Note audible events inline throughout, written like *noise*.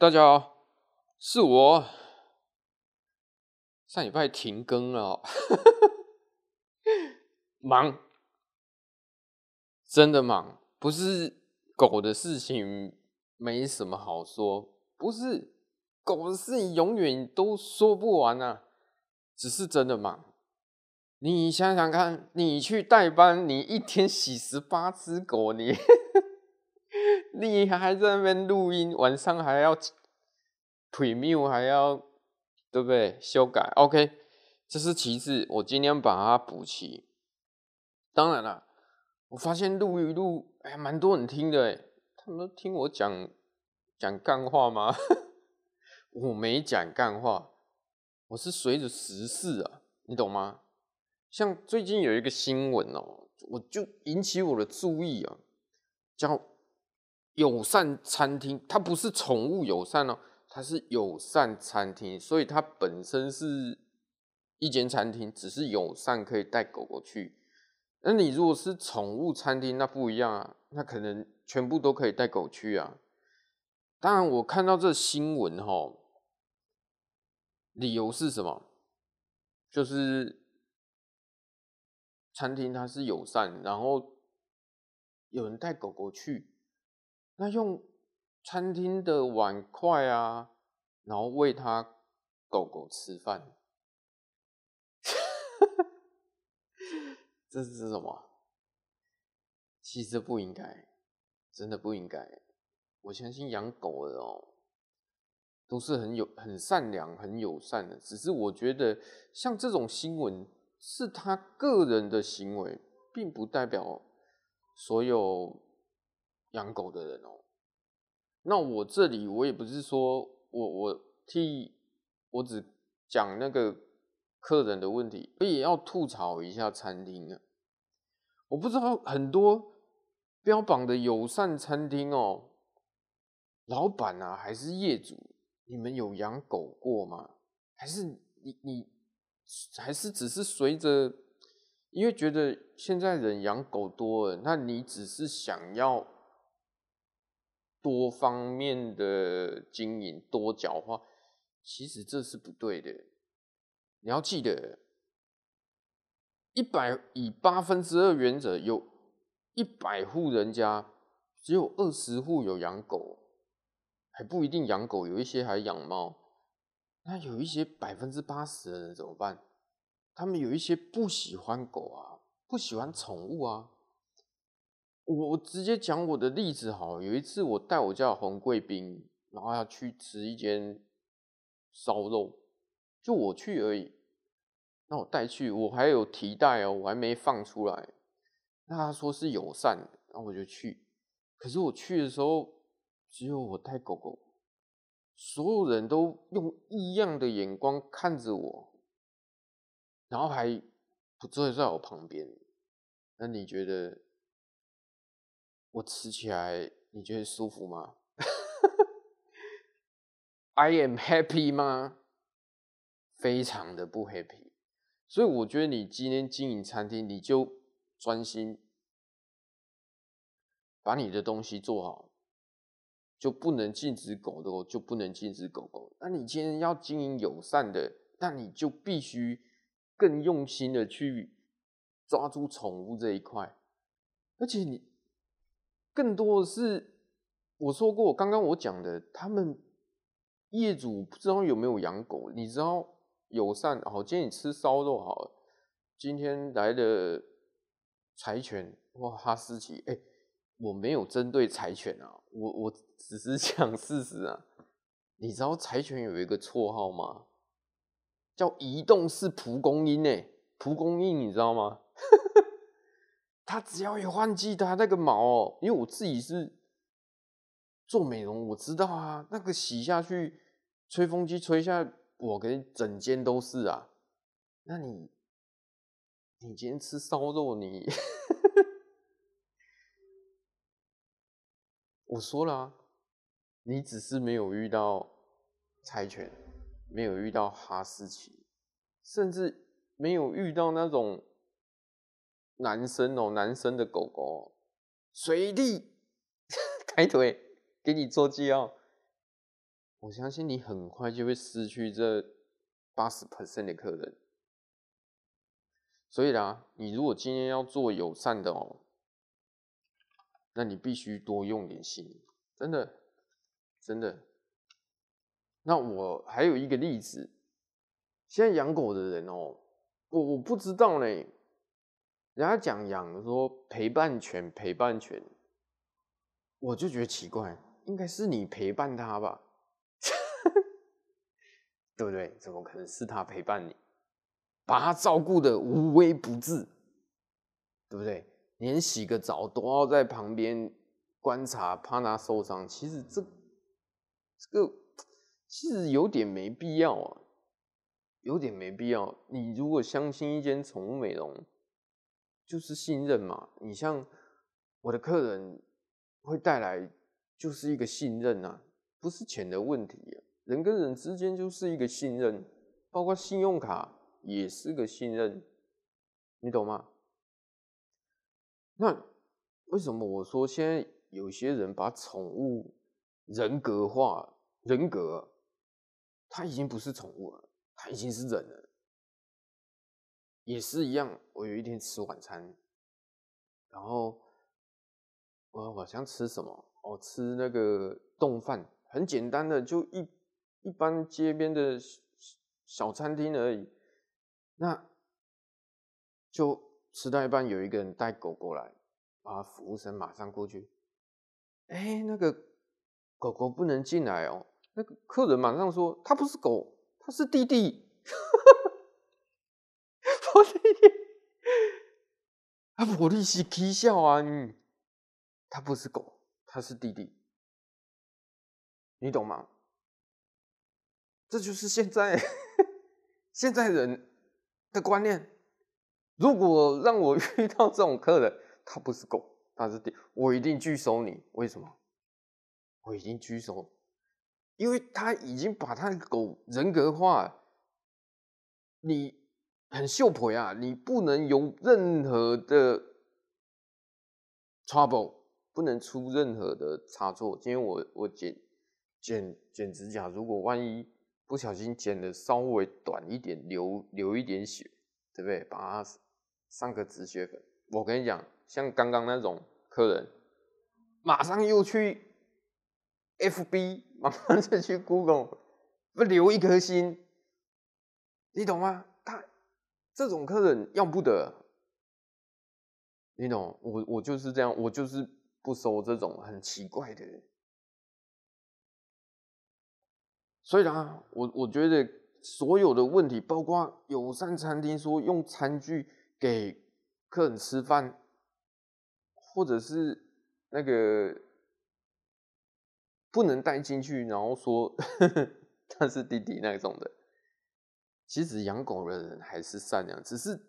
大家好，是我上禮拜停更了、哦， *laughs* 忙，真的忙，不是狗的事情，沒什麼好說，不是狗的事情永遠都說不完啊，只是真的忙。你想想看，你去代班，你一天洗十八隻狗，你。 *laughs* 你還在那邊錄音，晚上還要 premium 還要對不對？修改 OK，這是其次。我今天把它補齊。當然了，我發現錄一錄，哎、欸，蠻多人聽的。他們都聽我講講幹話嗎？ *laughs* 我沒講幹話，我是隨着時事啊，你懂嗎？像最近有一個新聞哦、喔，我就引起我的注意啊、喔，叫。友善餐廳，它不是寵物友善哦，它是友善餐廳，所以它本身是一間餐廳，只是友善可以帶狗狗去。那你如果是寵物餐廳，那不一樣啊，那可能全部都可以帶狗去啊。當然，我看到這新聞哦，理由是什麼？就是餐廳它是友善，然後有人帶狗狗去。那用餐廳的碗筷啊，然後餵他狗狗吃飯， *laughs* 這是什麼？其實不應該，真的不應該。我相信養狗的哦、喔，都是很有、很善良、很友善的。只是我覺得，像這種新聞是他個人的行為，並不代表所有。養狗的人哦、喔，那我這裡我也不是說我我替我只講那個客人的問題，也要吐槽一下餐廳啊。我不知道很多標榜的友善餐廳哦、喔，老闆啊還是業主，你們有養狗過嗎？還是你你還是只是隨着因為覺得現在人養狗多了，那你只是想要。多方面的經營，多角化，其實這是不對的。你要記得，一百以八分之二原則，有一百戶人家，只有二十戶有養狗，還不一定養狗，有一些還養貓。那有一些百分之八十的人怎麼辦？他們有一些不喜歡狗啊，不喜歡寵物啊。我我直接講我的例子好了，有一次我帶我家紅貴賓，然後要去吃一間燒肉，就我去而已。那我帶去，我還有提袋哦，我還沒放出來。那他說是友善的，然後我就去。可是我去的時候，只有我帶狗狗，所有人都用異樣的眼光看着我，然後還不坐在我旁邊。那你覺得？我吃起來你覺得舒服嗎 *laughs* ？I am happy 嗎？非常的不 happy，所以我覺得你今天經營餐廳，你就專心把你的東西做好，就不能禁止狗狗，就不能禁止狗狗。那你今天要經營友善的，那你就必須更用心的去抓住寵物這一塊，而且你。更多的是，我說過，剛剛我講的，他們業主不知道有沒有養狗，你知道友善哦，今天你吃燒肉好。今天來了柴犬，哇，哈士奇，哎、欸，我沒有針對柴犬啊，我我只是講事實啊。你知道柴犬有一個綽號嗎？叫移動式蒲公英、欸、蒲公英你知道嗎？ *laughs* 他只要有換季、啊，他那個毛、哦，因為我自己是做美容，我知道啊，那個洗下去，吹風機吹一下，我給你整間都是啊。那你，你今天吃燒肉，你， *laughs* 我說了啊，你只是沒有遇到柴犬，沒有遇到哈士奇，甚至沒有遇到那種。男生哦、喔，男生的狗狗，隨地，抬腿，給你做記號。我相信你很快就會失去這八十 percent 的客人。所以啦，你如果今天要做友善的哦、喔，那你必須多用點心，真的，真的。那我還有一個例子，現在養狗的人哦、喔，我我不知道呢。人家講養說陪伴犬陪伴犬，我就覺得奇怪，應該是你陪伴它吧， *laughs* 對不對？怎麼可能是它陪伴你？把它照顧得無微不至，對不對？連洗個澡都要在旁邊觀察，怕它受傷。其實這這個其實有點沒必要啊，有點沒必要。你如果相信一間寵物美容。就是信任嘛，你像我的客人會帶來就是一個信任啊，不是錢的問題啊，人跟人之間就是一個信任，包括信用卡也是個信任，你懂嗎？那為什麼我說現在有些人把寵物人格化，人格，它已經不是寵物了，它已經是人了。也是一樣，我有一天吃晚餐，然後我好像吃什麼，我吃那個丼飯，很簡單的，就一一般街邊的小小餐廳而已。那就吃到一半，有一個人帶狗過來，啊，服務生馬上過去，哎、欸，那個狗狗不能進來哦。那個客人馬上說，他不是狗，他是弟弟。 *laughs* 玻璃，啊，玻璃是啼笑啊！他不是狗，他是弟弟，你懂嗎？這就是現在， *laughs* 現在人的觀念。如果讓我遇到這種客人，他不是狗，他是弟弟，我一定拒收你。為什麼？我已經拒收，因為他已經把他的狗人格化。你。很秀婆呀，啊，你不能有任何的 trouble，不能出任何的差錯。今天我我剪剪剪指甲，如果萬一不小心剪的稍微短一點，流流一點血，對不對？把它上個止血粉。我跟你講，像剛剛那種客人，馬上又去 FB，馬上就去 Google，不留一顆心，你懂嗎？這種客人要不得，你懂？我我就是這樣，我就是不收這種很奇怪的人。所以啦，我我覺得所有的問題，包括友善餐廳說用餐具給客人吃飯，或者是那個不能帶進去，然後說呵呵，他是弟弟那種的。其實養狗的人還是善良，只是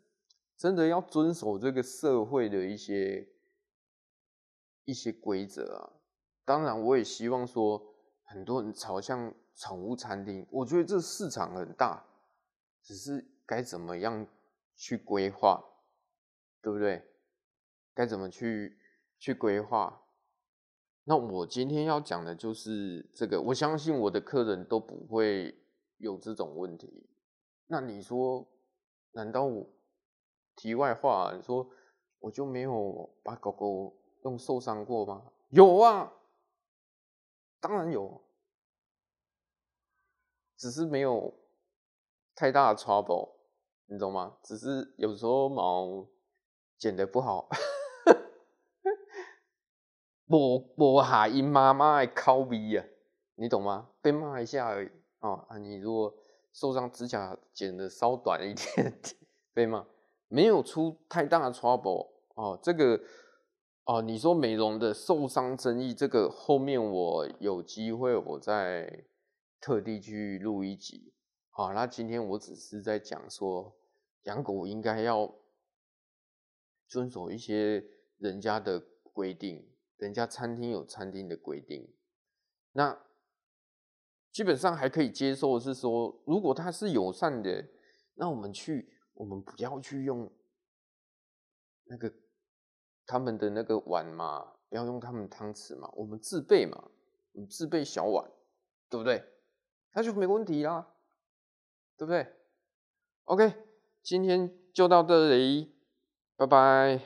真的要遵守這個社會的一些一些規則啊。當然，我也希望說，很多人朝向寵物餐廳，我覺得這市場很大，只是該怎麼樣去規劃，對不對？該怎麼去去規劃。那我今天要講的就是這個，我相信我的客人都不會有這種問題。那你說，難道我題外話、啊，你說我就沒有把狗狗用受傷過嗎？有啊，當然有，只是沒有太大的 trouble，你懂嗎？只是有時候毛剪的不好，我我還因媽媽而 c 鼻 l 呀，你懂嗎？被罵一下而已哦啊，你如果。受傷指甲剪得稍短一點，對嗎？沒有出太大的 trouble 哦，這個哦，你說美容的受傷爭議，這個後面我有機會我再特地去錄一集。好、哦，那今天我只是在講說養狗應該要遵守一些人家的規定，人家餐廳有餐廳的規定，那。基本上還可以接受，是說如果他是友善的，那我們去，我們不要去用那個他們的那個碗嘛，不要用他們的湯匙嘛，我們自備嘛，我們自備小碗，對不對？那就沒問題啦，對不對？OK，今天就到這裡，拜拜。